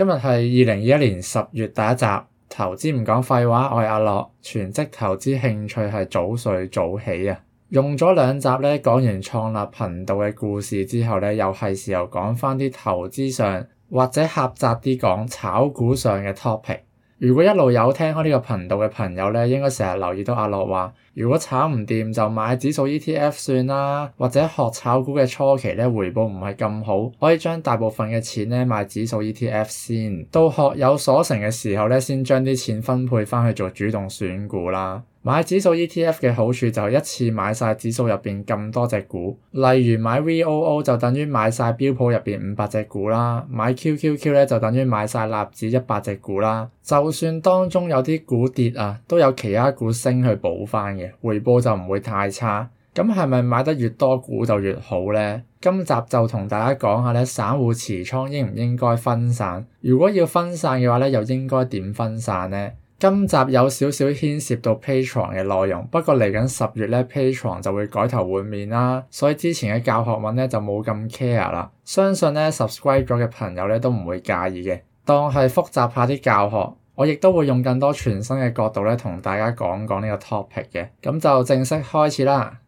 今日係二零二一年十月第一集，投資唔講廢話，我係阿樂，全職投資興趣係早睡早起啊。用咗兩集咧講完創立頻道嘅故事之後咧，又係時候講返啲投資上或者狹窄啲講炒股上嘅 topic。如果一路有聽開呢個頻道嘅朋友咧，應該成日留意到阿樂話：如果炒唔掂就買指數 ETF 算啦，或者學炒股嘅初期咧，回報唔係咁好，可以將大部分嘅錢咧買指數 ETF 先，到學有所成嘅時候咧，先將啲錢分配返去做主動選股啦。買指數 ETF 嘅好處就係一次買晒指數入面咁多隻股，例如買 VOO 就等於買晒標普入面五百隻股啦，買 QQQ 咧就等於買晒納指一百隻股啦。就算當中有啲股跌啊，都有其他股升去補翻嘅，回報就唔會太差。咁係咪買得越多股就越好呢？今集就同大家講下咧，散戶持倉應唔應該分散？如果要分散嘅話咧，又應該點分散呢？今集有少少牽涉到 Patreon 嘅內容，不過嚟緊十月咧 Patreon 就會改頭換面啦，所以之前嘅教學文呢就冇咁 care 啦。相信呢 subscribe 咗嘅朋友咧都唔會介意嘅，當係複習下啲教學，我亦都會用更多全新嘅角度呢同大家講講呢個 topic 嘅。咁就正式開始啦。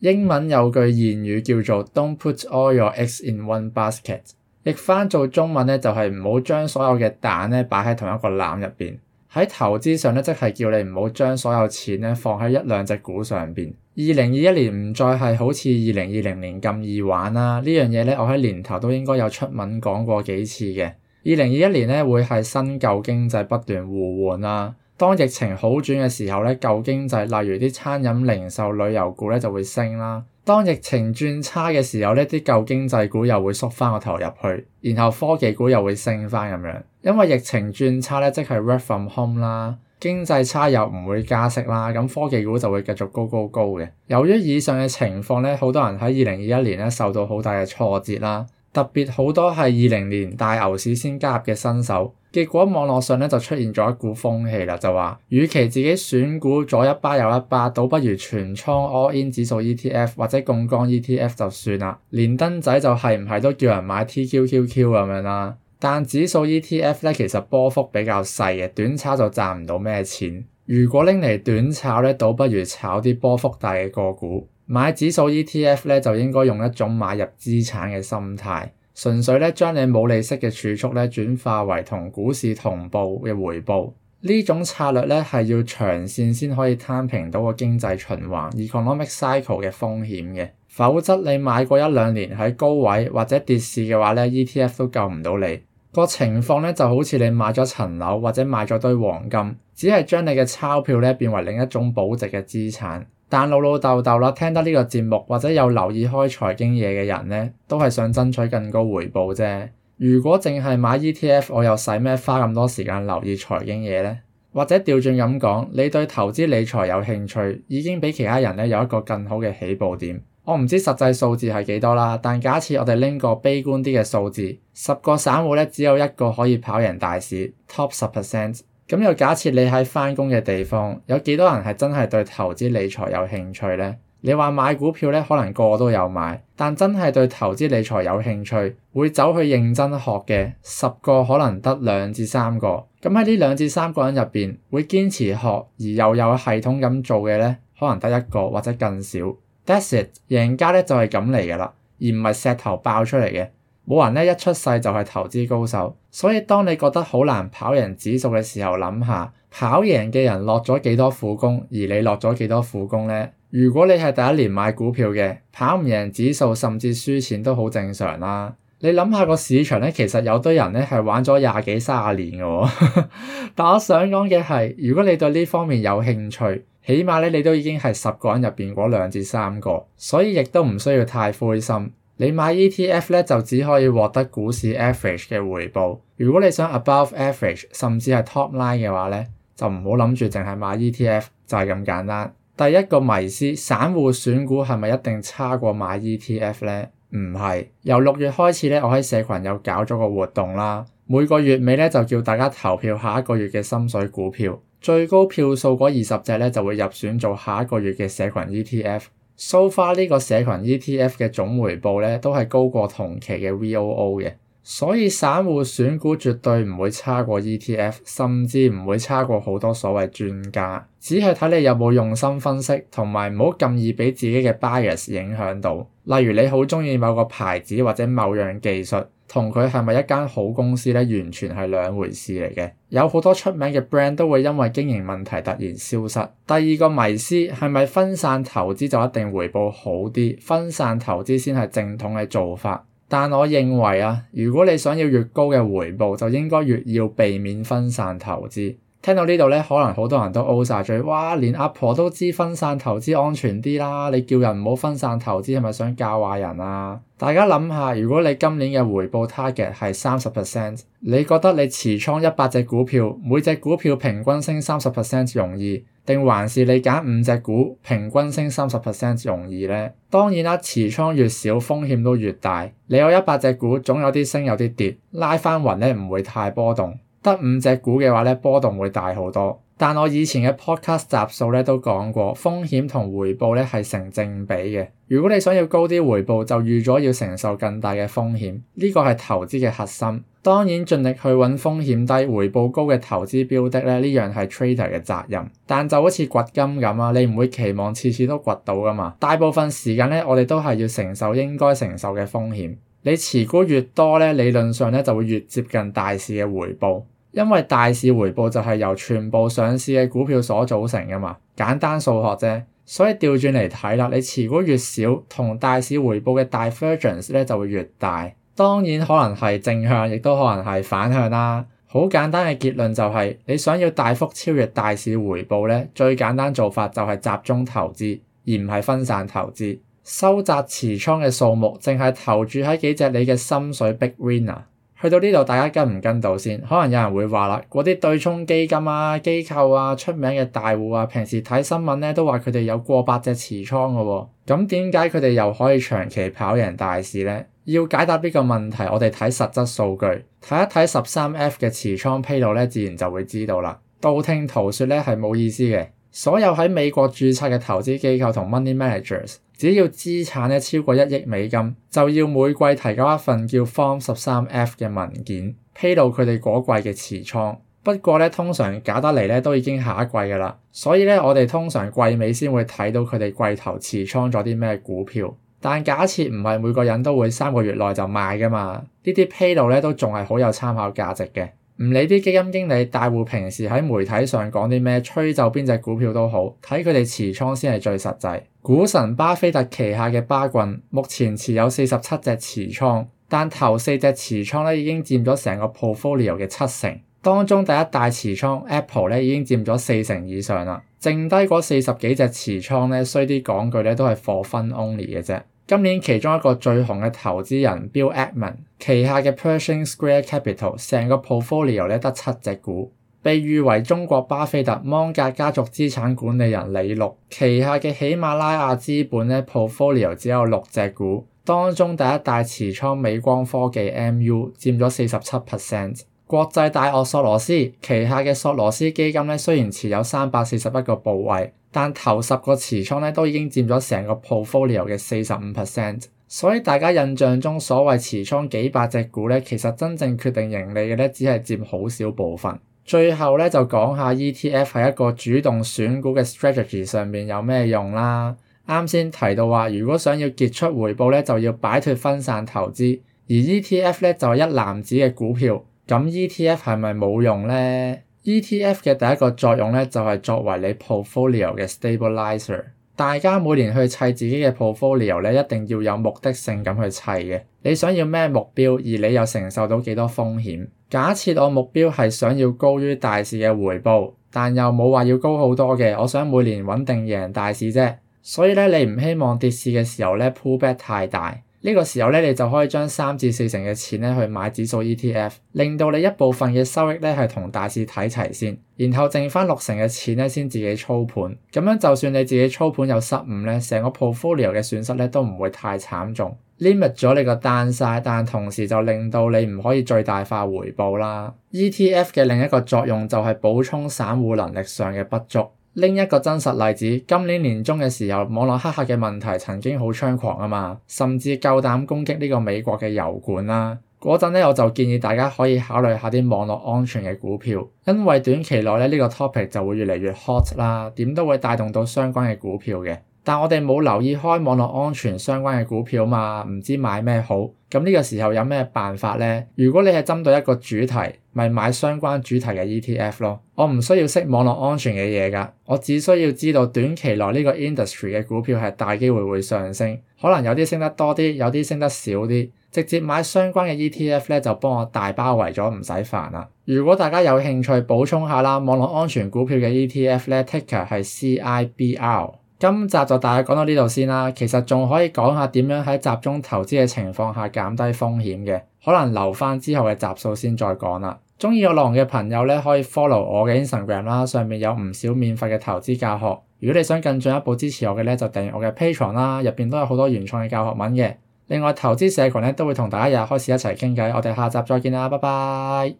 英文有句諺語叫做 Don't put all your eggs in one basket，譯返做中文咧就係唔好將所有嘅蛋咧擺喺同一個籃入邊。喺投資上咧，即係叫你唔好將所有錢咧放喺一兩隻股上邊。二零二一年唔再係好似二零二零年咁易玩啦、啊。呢樣嘢咧，我喺年頭都應該有出文講過幾次嘅。二零二一年咧會係新舊經濟不斷互換啦、啊。當疫情好轉嘅時候咧，舊經濟，例如啲餐飲、零售、旅遊股咧就會升啦。當疫情轉差嘅時候呢啲舊經濟股又會縮翻個頭入去，然後科技股又會升翻咁樣。因為疫情轉差咧，即係 work from home 啦，經濟差又唔會加息啦，咁科技股就會繼續高高高嘅。由於以上嘅情況咧，好多人喺二零二一年咧受到好大嘅挫折啦，特別好多係二零年大牛市先加入嘅新手。結果網絡上咧就出現咗一股風氣啦，就話，與其自己選股左一巴右一巴，倒不如全倉 all in 指數 ETF 或者槓桿 ETF 就算啦。連登仔就係唔係都叫人買 TQQQ 咁樣啦？但指數 ETF 咧其實波幅比較細嘅，短炒就賺唔到咩錢。如果拎嚟短炒咧，倒不如炒啲波幅大嘅個股。買指數 ETF 咧就應該用一種買入資產嘅心態。純粹咧將你冇利息嘅儲蓄咧轉化為同股市同步嘅回報，呢種策略咧係要長線先可以攤平到個經濟循環，而 economic cycle 嘅風險嘅。否則你買過一兩年喺高位或者跌市嘅話咧，ETF 都救唔到你。個情況咧就好似你買咗層樓或者買咗堆黃金，只係將你嘅鈔票咧變為另一種保值嘅資產。但老老豆豆啦，聽得呢個節目或者有留意開財經嘢嘅人呢，都係想爭取更高回報啫。如果淨係買 ETF，我又使咩花咁多時間留意財經嘢呢？或者調轉咁講，你對投資理財有興趣，已經比其他人呢有一個更好嘅起步點。我唔知實際數字係幾多啦，但假設我哋拎個悲觀啲嘅數字，十個散戶呢，只有一個可以跑贏大市，top 10 percent。咁又假設你喺返工嘅地方，有幾多人係真係對投資理財有興趣呢？你話買股票呢，可能個個都有買，但真係對投資理財有興趣，會走去認真學嘅十個，個，可能得兩至三個。咁喺呢兩至三個人入邊，會堅持學而又有系統咁做嘅呢，可能得一個或者更少。That's it，贏家咧就係咁嚟噶啦，而唔係石頭爆出嚟嘅。冇人咧一出世就係投資高手，所以當你覺得好難跑贏指數嘅時候，諗下跑贏嘅人落咗幾多苦工，而你落咗幾多苦工咧？如果你係第一年買股票嘅，跑唔贏指數甚至輸錢都好正常啦。你諗下個市場咧，其實有堆人咧係玩咗廿幾三十年嘅喎。 但我想講嘅係，如果你對呢方面有興趣，起碼咧你都已經係十個人入邊嗰兩至三個，所以亦都唔需要太灰心。你買 ETF 咧就只可以獲得股市 average 嘅回報。如果你想 above average 甚至係 top line 嘅話咧，就唔好諗住淨係買 ETF，就係咁簡單。第一個迷思，散戶選股係咪一定差過買 ETF 咧？唔係。由六月開始咧，我喺社群有搞咗個活動啦。每個月尾咧就叫大家投票下一個月嘅心水股票，最高票數嗰二十隻咧就會入選做下一個月嘅社群 ETF。so far 呢個社群 ETF 嘅總回報咧，都係高過同期嘅 VOO 嘅。所以散戶選股絕對唔會差過 ETF，甚至唔會差過好多所謂專家，只係睇你有冇用心分析，同埋唔好咁易俾自己嘅 bias 影響到。例如你好中意某個牌子或者某樣技術，同佢係咪一間好公司呢？完全係兩回事嚟嘅。有好多出名嘅 brand 都會因為經營問題突然消失。第二個迷思係咪分散投資就一定回報好啲？分散投資先係正統嘅做法。但我認為啊，如果你想要越高嘅回報，就應該越要避免分散投資。聽到呢度咧，可能好多人都 o 晒嘴，哇！連阿婆都知分散投資安全啲啦。你叫人唔好分散投資，係咪想教壞人啊？大家諗下，如果你今年嘅回報 target 係三十 percent，你覺得你持倉一百隻股票，每隻股票平均升三十 percent 容易，定還是你揀五隻股平均升三十 percent 容易呢？當然啦，持倉越少風險都越大。你有一百隻股，總有啲升有啲跌，拉翻勻咧唔會太波動。得五隻股嘅話咧，波動會大好多。但我以前嘅 podcast 集數咧都講過，風險同回報咧係成正比嘅。如果你想要高啲回報，就預咗要承受更大嘅風險。呢個係投資嘅核心。當然，盡力去揾風險低、回報高嘅投資標的咧，呢樣係 trader 嘅責任。但就好似掘金咁啊，你唔會期望次次都掘到㗎嘛。大部分時間咧，我哋都係要承受應該承受嘅風險。你持股越多咧，理論上咧就會越接近大市嘅回報，因為大市回報就係由全部上市嘅股票所組成㗎嘛，簡單數學啫。所以調轉嚟睇啦，你持股越少，同大市回報嘅 divergence 咧就會越大。當然可能係正向，亦都可能係反向啦。好簡單嘅結論就係，你想要大幅超越大市回報咧，最簡單做法就係集中投資，而唔係分散投資。收窄持倉嘅數目，淨係投注喺幾隻你嘅心水 big winner、啊。去到呢度，大家跟唔跟到先？可能有人會話啦，嗰啲對沖基金啊、機構啊、出名嘅大戶啊，平時睇新聞咧都話佢哋有過百隻持倉嘅喎、哦。咁點解佢哋又可以長期跑贏大市呢？要解答呢個問題，我哋睇實質數據，睇一睇十三 F 嘅持倉披露咧，自然就會知道啦。道聽途説咧係冇意思嘅。所有喺美國註冊嘅投資機構同 money managers。只要資產咧超過一億美金，就要每季提交一份叫 Form 13F 嘅文件，披露佢哋嗰季嘅持倉。不過咧，通常假得嚟咧都已經下一季㗎喇，所以咧我哋通常季尾先會睇到佢哋季頭持倉咗啲咩股票。但假設唔係每個人都會三個月內就賣㗎嘛，呢啲披露咧都仲係好有參考價值嘅。唔理啲基金經理大戶平時喺媒體上講啲咩，吹奏邊隻股票都好，睇佢哋持倉先係最實際。股神巴菲特旗下嘅巴郡目前持有四十七隻持倉，但頭四隻持倉咧已經佔咗成個 portfolio 嘅七成，當中第一大持倉 Apple 咧已經佔咗四成以上啦，剩低嗰四十幾隻持倉咧，衰啲講句咧都係 for fun only 嘅啫。今年其中一個最紅嘅投資人 Bill Ackman。旗下嘅 Pershing Square Capital 成個 portfolio 咧得七隻股，被譽為中國巴菲特芒格家族資產管理人李錄。旗下嘅喜馬拉雅資本咧 portfolio 只有六隻股，當中第一大持倉美光科技 MU 佔咗四十七 percent。國際大鱷索羅斯旗下嘅索羅斯基金咧雖然持有三百四十一個部位，但頭十個持倉咧都已經佔咗成個 portfolio 嘅四十五 percent。所以大家印象中所謂持倉幾百隻股咧，其實真正決定盈利嘅咧，只係佔好少部分。最後咧就講下 ETF 係一個主動選股嘅 strategy 上面有咩用啦。啱先提到話，如果想要結出回報咧，就要擺脱分散投資，而 ETF 咧就係一籃子嘅股票。咁 ETF 係咪冇用咧？ETF 嘅第一個作用咧就係作為你 portfolio 嘅 stabilizer。大家每年去砌自己嘅 portfolio 咧，一定要有目的性咁去砌嘅。你想要咩目標，而你又承受到幾多風險。假設我目標係想要高於大市嘅回報，但又冇話要高好多嘅。我想每年穩定贏大市啫。所以咧，你唔希望跌市嘅時候咧，pullback 太大。呢個時候咧，你就可以將三至四成嘅錢咧去買指數 ETF，令到你一部分嘅收益咧係同大市睇齊先，然後剩返六成嘅錢咧先自己操盤。咁樣就算你自己操盤有失誤咧，成個 portfolio 嘅損失咧都唔會太慘重。limit 咗你個 downside，但同時就令到你唔可以最大化回報啦。ETF 嘅另一個作用就係補充散戶能力上嘅不足。另一個真實例子，今年年中嘅時候，網絡黑客嘅問題曾經好猖狂啊嘛，甚至夠膽攻擊呢個美國嘅油管啦。嗰陣咧，我就建議大家可以考慮下啲網絡安全嘅股票，因為短期內咧呢個 topic 就會越嚟越 hot 啦，點都會帶動到相關嘅股票嘅。但我哋冇留意開網絡安全相關嘅股票嘛？唔知買咩好。咁呢個時候有咩辦法呢？如果你係針對一個主題，咪買相關主題嘅 ETF 咯。我唔需要識網絡安全嘅嘢噶，我只需要知道短期內呢個 industry 嘅股票係大機會會上升，可能有啲升得多啲，有啲升得少啲。直接買相關嘅 ETF 咧，就幫我大包圍咗，唔使煩啦。如果大家有興趣補充下啦，網絡安全股票嘅 ETF 咧，ticker 係 CIBR。今集就大家講到呢度先啦。其實仲可以講下點樣喺集中投資嘅情況下減低風險嘅，可能留翻之後嘅集數先再講啦。中意我浪嘅朋友咧，可以 follow 我嘅 Instagram 啦，上面有唔少免費嘅投資教學。如果你想更進一步支持我嘅咧，就訂閱我嘅 Patreon 啦，入邊都有好多原創嘅教學文嘅。另外投資社群咧都會同大家日日開始一齊傾偈。我哋下集再見啦，拜拜。